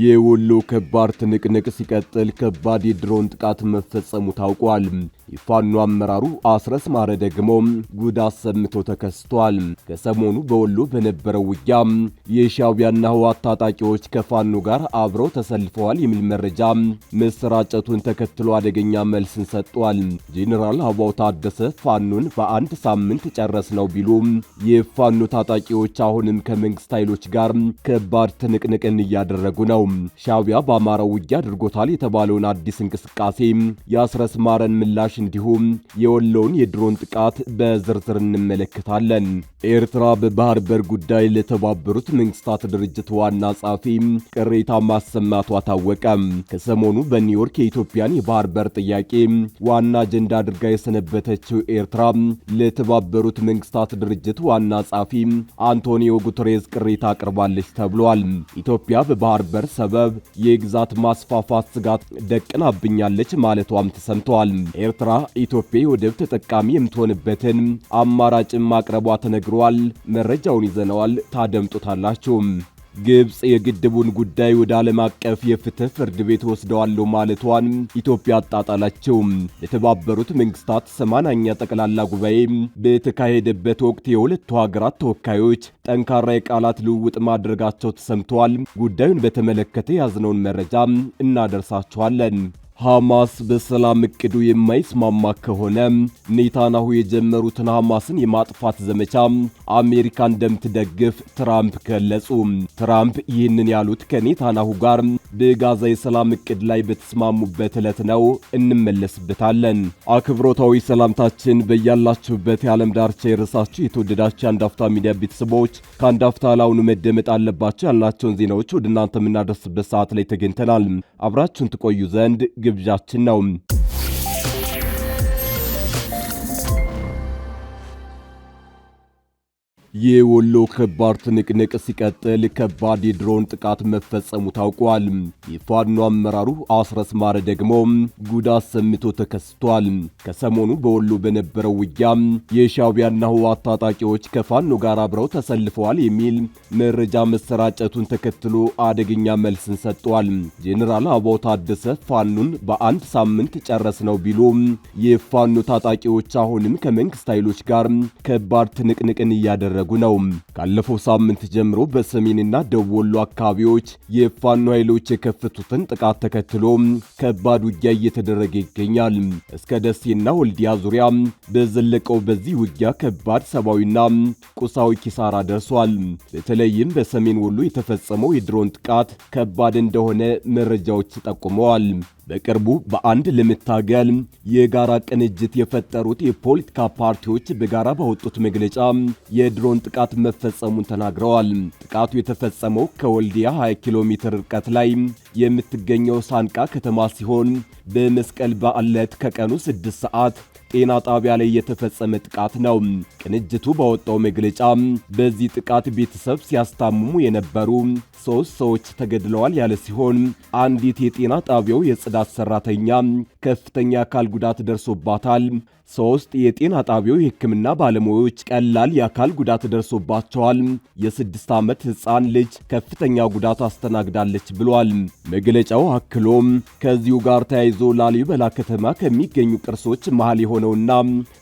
የወሎ ከባድ ትንቅንቅ ሲቀጥል ከባድ የድሮን ጥቃት መፈጸሙ ታውቋል። የፋኖ አመራሩ አስረስ ማረ ደግሞ ጉድ አሰምቶ ተከስቷል። ከሰሞኑ በወሎ በነበረው ውጊያ የሻቢያና ህዋት ታጣቂዎች ከፋኖ ጋር አብረው ተሰልፈዋል የሚል መረጃ መሰራጨቱን ተከትሎ አደገኛ መልስን ሰጥቷል። ጄኔራል አበባው ታደሰ ፋኖን በአንድ ሳምንት ጨረስ ነው ቢሉ የፋኖ ታጣቂዎች አሁንም ከመንግስት ኃይሎች ጋር ከባድ ትንቅንቅን እያደረጉ ነው። ሻዕቢያ በአማራው ውጊያ አድርጎታል የተባለውን አዲስ እንቅስቃሴ የአስረስ ማረን ምላሽ እንዲሁም የወሎውን የድሮን ጥቃት በዝርዝር እንመለከታለን። ኤርትራ በባህር በር ጉዳይ ለተባበሩት መንግስታት ድርጅት ዋና ጸሐፊ ቅሬታ ማሰማቷ ታወቀ። ከሰሞኑ በኒውዮርክ የኢትዮጵያን የባህር በር ጥያቄ ዋና አጀንዳ አድርጋ የሰነበተችው ኤርትራ ለተባበሩት መንግስታት ድርጅት ዋና ጸሐፊ አንቶኒዮ ጉተሬዝ ቅሬታ አቅርባለች ተብሏል። ኢትዮጵያ በባህር በር ሰበብ የግዛት ማስፋፋት ስጋት ደቅናብኛለች ማለቷም ተሰምተዋል። ኤርትራ አስመራ ኢትዮጵያ የወደብ ተጠቃሚ የምትሆንበትን አማራጭም ማቅረቧ ተነግሯል። መረጃውን ይዘነዋል፣ ታደምጡታላችሁ። ግብፅ የግድቡን ጉዳይ ወደ ዓለም አቀፍ የፍትህ ፍርድ ቤት ወስደዋለሁ ማለቷን ኢትዮጵያ አጣጣላቸው። የተባበሩት መንግስታት ሰማናኛ ጠቅላላ ጉባኤ በተካሄደበት ወቅት የሁለቱ ሀገራት ተወካዮች ጠንካራ የቃላት ልውውጥ ማድረጋቸው ተሰምተዋል። ጉዳዩን በተመለከተ የያዝነውን መረጃ እናደርሳችኋለን። ሐማስ በሰላም እቅዱ የማይስማማ ከሆነ ኔታናሁ የጀመሩትን ሐማስን የማጥፋት ዘመቻ አሜሪካ እንደምትደግፍ ትራምፕ ገለጹ። ትራምፕ ይህንን ያሉት ከኔታናሁ ጋር በጋዛ የሰላም እቅድ ላይ በተስማሙበት ዕለት ነው። እንመለስበታለን። አክብሮታዊ ሰላምታችን በያላችሁበት የዓለም ዳርቻ የረሳችሁ የተወደዳችሁ የአንዳፍታ ሚዲያ ቤተሰቦች ከአንዳፍታ አፍታ ላውኑ መደመጥ አለባቸው ያልናቸውን ዜናዎች ወደ እናንተ የምናደርስበት ሰዓት ላይ ተገኝተናል። አብራችሁን ትቆዩ ዘንድ ግብዣችን ነው። የወሎ ከባድ ትንቅንቅ ሲቀጥል ከባድ የድሮን ጥቃት መፈጸሙ ታውቋል። የፋኖ አመራሩ አስረስ ማረ ደግሞ ጉዳት ሰምቶ ተከስቷል። ከሰሞኑ በወሎ በነበረው ውጊያ የሻቢያና ህዋት ታጣቂዎች ከፋኖ ጋር አብረው ተሰልፈዋል የሚል መረጃ መሰራጨቱን ተከትሎ አደገኛ መልስን ሰጥቷል። ጄኔራል አበባው ታደሰ ፋኖን በአንድ ሳምንት ጨረስ ነው ቢሉ የፋኖ ታጣቂዎች አሁንም ከመንግስት ኃይሎች ጋር ከባድ ትንቅንቅን እያደረ እያደረጉ ነው። ካለፈው ሳምንት ጀምሮ በሰሜንና ደቡብ ወሎ አካባቢዎች የፋኖ ኃይሎች የከፈቱትን ጥቃት ተከትሎ ከባድ ውጊያ እየተደረገ ይገኛል። እስከ ደሴና ወልዲያ ዙሪያ በዘለቀው በዚህ ውጊያ ከባድ ሰብአዊና ቁሳዊ ኪሳራ ደርሷል። በተለይም በሰሜን ወሎ የተፈጸመው የድሮን ጥቃት ከባድ እንደሆነ መረጃዎች ጠቁመዋል። በቅርቡ በአንድ ለመታገል የጋራ ቅንጅት የፈጠሩት የፖለቲካ ፓርቲዎች በጋራ ባወጡት መግለጫ የድሮን ጥቃት መፈጸሙን ተናግረዋል። ጥቃቱ የተፈጸመው ከወልዲያ 20 ኪሎ ሜትር ርቀት ላይ የምትገኘው ሳንቃ ከተማ ሲሆን በመስቀል በዓለት ከቀኑ 6 ሰዓት ጤና ጣቢያ ላይ የተፈጸመ ጥቃት ነው። ቅንጅቱ ባወጣው መግለጫ በዚህ ጥቃት ቤተሰብ ሲያስታምሙ የነበሩ ሶስት ሰዎች ተገድለዋል ያለ ሲሆን አንዲት የጤና ጣቢያው የጽዳ ረዳት ሰራተኛ ከፍተኛ አካል ጉዳት ደርሶባታል። ሶስት የጤና ጣቢያው የሕክምና ባለሙያዎች ቀላል የአካል ጉዳት ደርሶባቸዋል። የስድስት ዓመት ሕፃን ልጅ ከፍተኛ ጉዳት አስተናግዳለች ብሏል መግለጫው። አክሎም ከዚሁ ጋር ተያይዞ ላሊበላ ከተማ ከሚገኙ ቅርሶች መሃል የሆነውና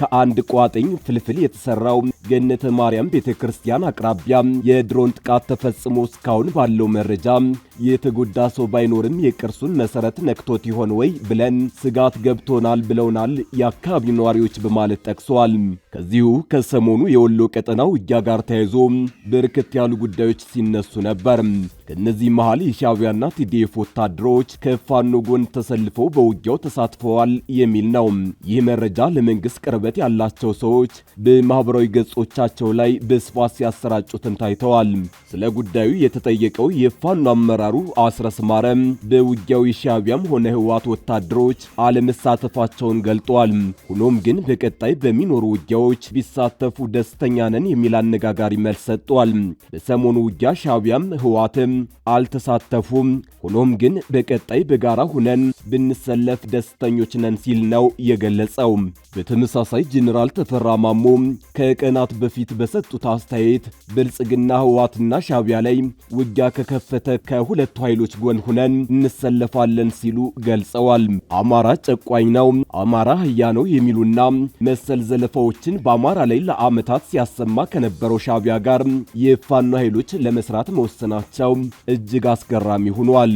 ከአንድ ቋጥኝ ፍልፍል የተሰራው ገነተ ማርያም ቤተ ክርስቲያን አቅራቢያ የድሮን ጥቃት ተፈጽሞ እስካሁን ባለው መረጃ የተጎዳ ሰው ባይኖርም የቅርሱን መሰረት ነክቶት ይሆን ወይ ብለን ስጋት ገብቶናል ብለውናል የአካባቢው ነዋሪዎች በማለት ጠቅሰዋል። ከዚሁ ከሰሞኑ የወሎ ቀጠና ውጊያ ጋር ተያይዞ በርከት ያሉ ጉዳዮች ሲነሱ ነበር። ከእነዚህ መሃል የሻቢያና ቲዲኤፍ ወታደሮች ከፋኖ ጎን ተሰልፈው በውጊያው ተሳትፈዋል የሚል ነው። ይህ መረጃ ለመንግስት ቅርበት ያላቸው ሰዎች በማህበራዊ ገጾቻቸው ላይ በስፋት ሲያሰራጩትም ታይተዋል። ስለ ጉዳዩ የተጠየቀው የፋኖ አመራሩ አስረስ ማረ በውጊያው የሻቢያም ሆነ ህወሓት ወታደሮች አለመሳተፋቸውን ገልጠዋል። ሆኖም ግን በቀጣይ በሚኖሩ ውጊያዎች ቢሳተፉ ደስተኛ ነን የሚል አነጋጋሪ መልስ ሰጥቷል። በሰሞኑ ውጊያ ሻቢያም ህዋትም አልተሳተፉም፣ ሆኖም ግን በቀጣይ በጋራ ሁነን ብንሰለፍ ደስተኞች ነን ሲል ነው የገለጸው። በተመሳሳይ ጀነራል ተፈራ ማሞ ከቀናት በፊት በሰጡት አስተያየት ብልጽግና ህዋትና ሻቢያ ላይ ውጊያ ከከፈተ ከሁለቱ ኃይሎች ጎን ሁነን እንሰለፋለን ሲሉ ገልጸዋል። አማራ ጨቋኝ ነው፣ አማራ ህያ ነው የሚሉ ግድያና መሰል ዘለፋዎችን በአማራ ላይ ለአመታት ሲያሰማ ከነበረው ሻቢያ ጋር የፋኖ ኃይሎች ለመስራት መወሰናቸው እጅግ አስገራሚ ሆኗል።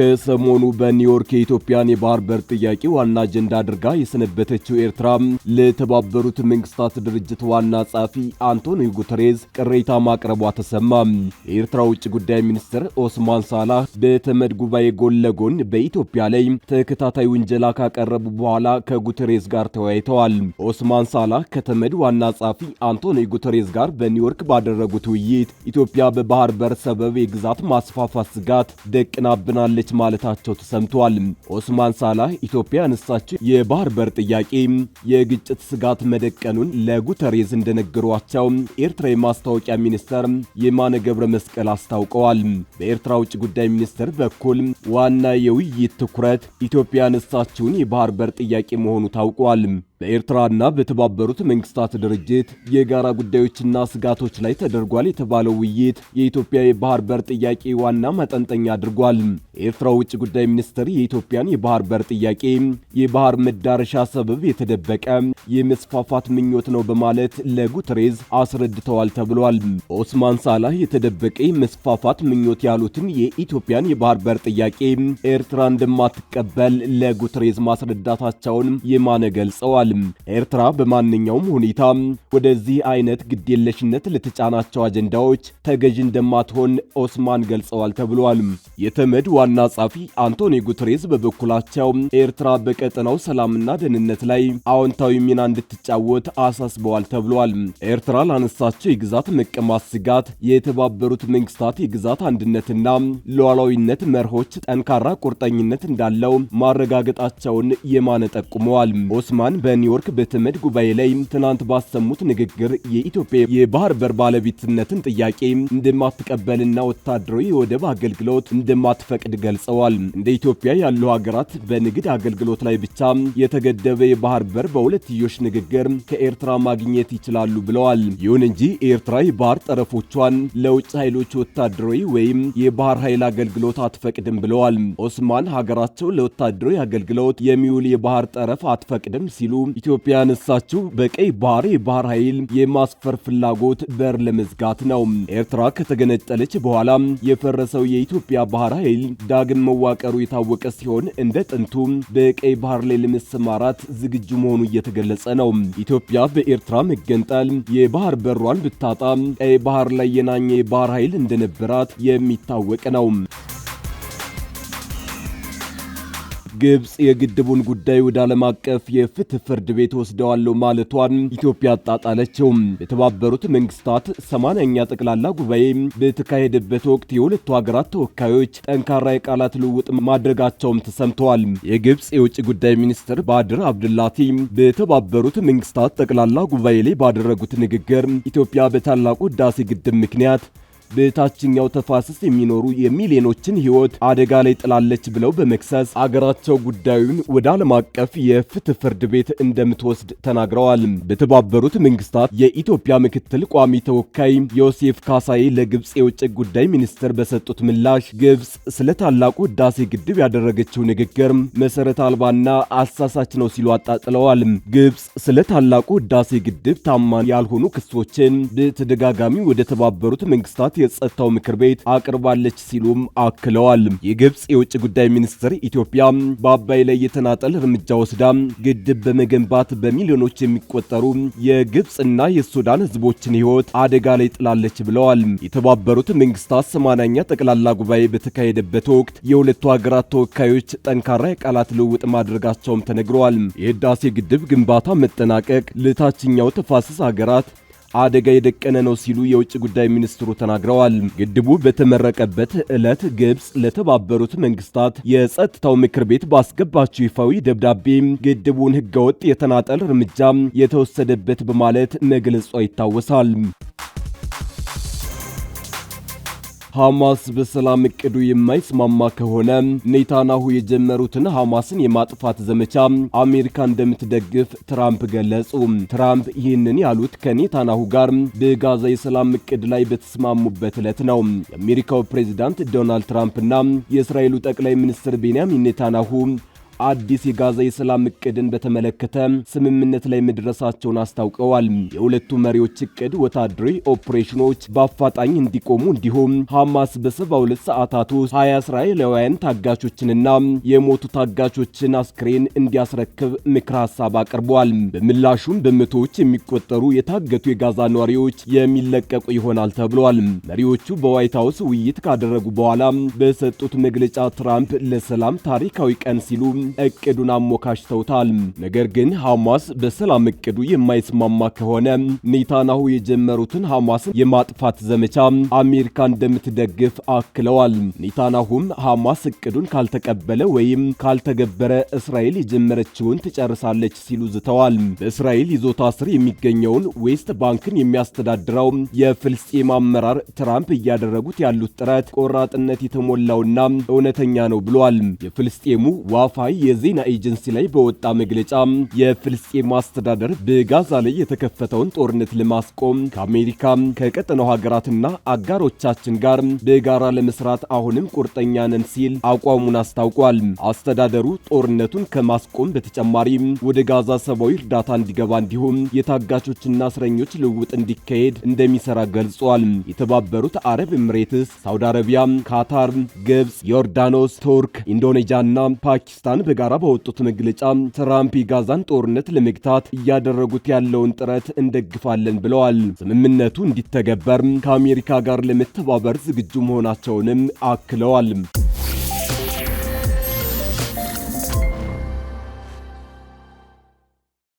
ከሰሞኑ በኒውዮርክ የኢትዮጵያን የባህር በር ጥያቄ ዋና አጀንዳ አድርጋ የሰነበተችው ኤርትራ ለተባበሩት መንግስታት ድርጅት ዋና ጸሐፊ አንቶኒዮ ጉተሬዝ ቅሬታ ማቅረቧ ተሰማ። የኤርትራ ውጭ ጉዳይ ሚኒስትር ኦስማን ሳላህ በተመድ ጉባኤ ጎን ለጎን በኢትዮጵያ ላይ ተከታታይ ውንጀላ ካቀረቡ በኋላ ከጉተሬዝ ጋር ተወያይተዋል። ኦስማን ሳላህ ከተመድ ዋና ጸሐፊ አንቶኒዮ ጉተሬዝ ጋር በኒውዮርክ ባደረጉት ውይይት ኢትዮጵያ በባህር በር ሰበብ የግዛት ማስፋፋት ስጋት ደቅናብናለች አለች ማለታቸው ተሰምቷል። ኦስማን ሳላህ ኢትዮጵያ ያነሳችው የባህር በር ጥያቄ የግጭት ስጋት መደቀኑን ለጉተሬዝ እንደነገሯቸው ኤርትራ የማስታወቂያ ሚኒስተር የማነ ገብረ መስቀል አስታውቀዋል። በኤርትራ ውጭ ጉዳይ ሚኒስትር በኩል ዋና የውይይት ትኩረት ኢትዮጵያ ያነሳችውን የባህር በር ጥያቄ መሆኑ ታውቋል። በኤርትራና በተባበሩት መንግስታት ድርጅት የጋራ ጉዳዮችና ስጋቶች ላይ ተደርጓል የተባለው ውይይት የኢትዮጵያ የባህር በር ጥያቄ ዋና ማጠንጠኛ አድርጓል። የኤርትራ ውጭ ጉዳይ ሚኒስትር የኢትዮጵያን የባህር በር ጥያቄ የባህር መዳረሻ ሰበብ የተደበቀ የመስፋፋት ምኞት ነው በማለት ለጉትሬዝ አስረድተዋል ተብሏል። ኦስማን ሳላህ የተደበቀ የመስፋፋት ምኞት ያሉትን የኢትዮጵያን የባህር በር ጥያቄ ኤርትራ እንደማትቀበል ለጉትሬዝ ማስረዳታቸውን የማነ ገልጸዋል። ብለዋል። ኤርትራ በማንኛውም ሁኔታ ወደዚህ አይነት ግዴለሽነት ለተጫናቸው አጀንዳዎች ተገዥ እንደማትሆን ኦስማን ገልጸዋል ተብሏል። የተመድ ዋና ጸሐፊ አንቶኒ ጉትሬዝ በበኩላቸው ኤርትራ በቀጠናው ሰላምና ደህንነት ላይ አዎንታዊ ሚና እንድትጫወት አሳስበዋል ተብሏል። ኤርትራ ላነሳቸው የግዛት መቀማት ስጋት የተባበሩት መንግስታት የግዛት አንድነትና ሉዓላዊነት መርሆች ጠንካራ ቁርጠኝነት እንዳለው ማረጋገጣቸውን የማነ ጠቁመዋል። ኦስማን በ በኒውዮርክ በተመድ ጉባኤ ላይ ትናንት ባሰሙት ንግግር የኢትዮጵያ የባህር በር ባለቤትነትን ጥያቄ እንደማትቀበልና ወታደራዊ የወደብ አገልግሎት እንደማትፈቅድ ገልጸዋል። እንደ ኢትዮጵያ ያሉ ሀገራት በንግድ አገልግሎት ላይ ብቻ የተገደበ የባህር በር በሁለትዮሽ ንግግር ከኤርትራ ማግኘት ይችላሉ ብለዋል። ይሁን እንጂ ኤርትራ የባህር ጠረፎቿን ለውጭ ኃይሎች ወታደራዊ ወይም የባህር ኃይል አገልግሎት አትፈቅድም ብለዋል። ኦስማን ሀገራቸው ለወታደራዊ አገልግሎት የሚውል የባህር ጠረፍ አትፈቅድም ሲሉ ኢትዮጵያ ያነሳችው በቀይ ባህር የባህር ኃይል የማስፈር ፍላጎት በር ለመዝጋት ነው። ኤርትራ ከተገነጠለች በኋላ የፈረሰው የኢትዮጵያ ባህር ኃይል ዳግም መዋቀሩ የታወቀ ሲሆን እንደ ጥንቱ በቀይ ባህር ላይ ለመሰማራት ዝግጁ መሆኑ እየተገለጸ ነው። ኢትዮጵያ በኤርትራ መገንጠል የባህር በሯን ብታጣ ቀይ ባህር ላይ የናኘ የባህር ኃይል እንደነበራት የሚታወቅ ነው። ግብፅ የግድቡን ጉዳይ ወደ ዓለም አቀፍ የፍትህ ፍርድ ቤት ወስደዋለሁ ማለቷን ኢትዮጵያ አጣጣለችው። የተባበሩት መንግስታት ሰማንያኛ ጠቅላላ ጉባኤ በተካሄደበት ወቅት የሁለቱ ሀገራት ተወካዮች ጠንካራ የቃላት ልውውጥ ማድረጋቸውም ተሰምተዋል። የግብፅ የውጭ ጉዳይ ሚኒስትር ባድር አብድላቲ በተባበሩት መንግስታት ጠቅላላ ጉባኤ ላይ ባደረጉት ንግግር ኢትዮጵያ በታላቁ ህዳሴ ግድብ ምክንያት በታችኛው ተፋሰስ የሚኖሩ የሚሊዮኖችን ሕይወት አደጋ ላይ ጥላለች ብለው በመክሰስ አገራቸው ጉዳዩን ወደ ዓለም አቀፍ የፍትህ ፍርድ ቤት እንደምትወስድ ተናግረዋል። በተባበሩት መንግስታት የኢትዮጵያ ምክትል ቋሚ ተወካይ ዮሴፍ ካሳዬ ለግብፅ የውጭ ጉዳይ ሚኒስትር በሰጡት ምላሽ ግብፅ ስለ ታላቁ ህዳሴ ግድብ ያደረገችው ንግግር መሰረት አልባና አሳሳች ነው ሲሉ አጣጥለዋል። ግብፅ ስለ ታላቁ ህዳሴ ግድብ ታማኝ ያልሆኑ ክሶችን በተደጋጋሚ ወደ ተባበሩት መንግስታት የጸጥታው ምክር ቤት አቅርባለች ሲሉም አክለዋል። የግብጽ የውጭ ጉዳይ ሚኒስትር ኢትዮጵያ በአባይ ላይ የተናጠል እርምጃ ወስዳ ግድብ በመገንባት በሚሊዮኖች የሚቆጠሩ የግብጽና የሱዳን ህዝቦችን ህይወት አደጋ ላይ ጥላለች ብለዋል። የተባበሩት መንግስታት ሰማናኛ ጠቅላላ ጉባኤ በተካሄደበት ወቅት የሁለቱ ሀገራት ተወካዮች ጠንካራ የቃላት ልውውጥ ማድረጋቸውም ተነግረዋል። የህዳሴ ግድብ ግንባታ መጠናቀቅ ለታችኛው ተፋሰስ ሀገራት አደጋ የደቀነ ነው ሲሉ የውጭ ጉዳይ ሚኒስትሩ ተናግረዋል። ግድቡ በተመረቀበት ዕለት ግብፅ ለተባበሩት መንግስታት የጸጥታው ምክር ቤት ባስገባቸው ይፋዊ ደብዳቤ ግድቡን ህገወጥ የተናጠል እርምጃ የተወሰደበት በማለት መግለጿ ይታወሳል። ሐማስ በሰላም እቅዱ የማይስማማ ከሆነ ኔታናሁ የጀመሩትን ሐማስን የማጥፋት ዘመቻ አሜሪካ እንደምትደግፍ ትራምፕ ገለጹ። ትራምፕ ይህንን ያሉት ከኔታናሁ ጋር በጋዛ የሰላም እቅድ ላይ በተስማሙበት ዕለት ነው። የአሜሪካው ፕሬዚዳንት ዶናልድ ትራምፕና የእስራኤሉ ጠቅላይ ሚኒስትር ቤንያሚን ኔታናሁ አዲስ የጋዛ የሰላም እቅድን በተመለከተ ስምምነት ላይ መድረሳቸውን አስታውቀዋል። የሁለቱ መሪዎች እቅድ ወታደራዊ ኦፕሬሽኖች በአፋጣኝ እንዲቆሙ እንዲሁም ሐማስ በሰባ 72 ሰዓታት ውስጥ ሀያ እስራኤላውያን ታጋቾችንና የሞቱ ታጋቾችን አስክሬን እንዲያስረክብ ምክር ሀሳብ አቅርበዋል። በምላሹም በመቶዎች የሚቆጠሩ የታገቱ የጋዛ ነዋሪዎች የሚለቀቁ ይሆናል ተብሏል። መሪዎቹ በዋይት ሀውስ ውይይት ካደረጉ በኋላ በሰጡት መግለጫ ትራምፕ ለሰላም ታሪካዊ ቀን ሲሉ እቅዱን አሞካሽተውታል። ነገር ግን ሐማስ በሰላም እቅዱ የማይስማማ ከሆነ ኔታንያሁ የጀመሩትን ሐማስን የማጥፋት ዘመቻ አሜሪካ እንደምትደግፍ አክለዋል። ኔታንያሁም ሐማስ እቅዱን ካልተቀበለ ወይም ካልተገበረ እስራኤል የጀመረችውን ትጨርሳለች ሲሉ ዝተዋል። በእስራኤል ይዞታ ስር የሚገኘውን ዌስት ባንክን የሚያስተዳድረው የፍልስጤም አመራር ትራምፕ እያደረጉት ያሉት ጥረት ቆራጥነት የተሞላውና እውነተኛ ነው ብሏል። የፍልስጤሙ ዋፋይ የዜና ኤጀንሲ ላይ በወጣ መግለጫ የፍልስጤም አስተዳደር በጋዛ ላይ የተከፈተውን ጦርነት ለማስቆም ከአሜሪካ ከቀጠናው ሀገራትና አጋሮቻችን ጋር በጋራ ለመስራት አሁንም ቁርጠኛ ነን ሲል አቋሙን አስታውቋል። አስተዳደሩ ጦርነቱን ከማስቆም በተጨማሪ ወደ ጋዛ ሰብአዊ እርዳታ እንዲገባ እንዲሁም የታጋቾችና እስረኞች ልውውጥ እንዲካሄድ እንደሚሰራ ገልጿል። የተባበሩት አረብ ኤምሬትስ፣ ሳውዲ አረቢያ፣ ካታር፣ ግብፅ፣ ዮርዳኖስ፣ ቱርክ፣ ኢንዶኔዥያና ፓኪስታን በጋራ በወጡት መግለጫ ትራምፕ የጋዛን ጦርነት ለመግታት እያደረጉት ያለውን ጥረት እንደግፋለን ብለዋል። ስምምነቱ እንዲተገበር ከአሜሪካ ጋር ለመተባበር ዝግጁ መሆናቸውንም አክለዋል።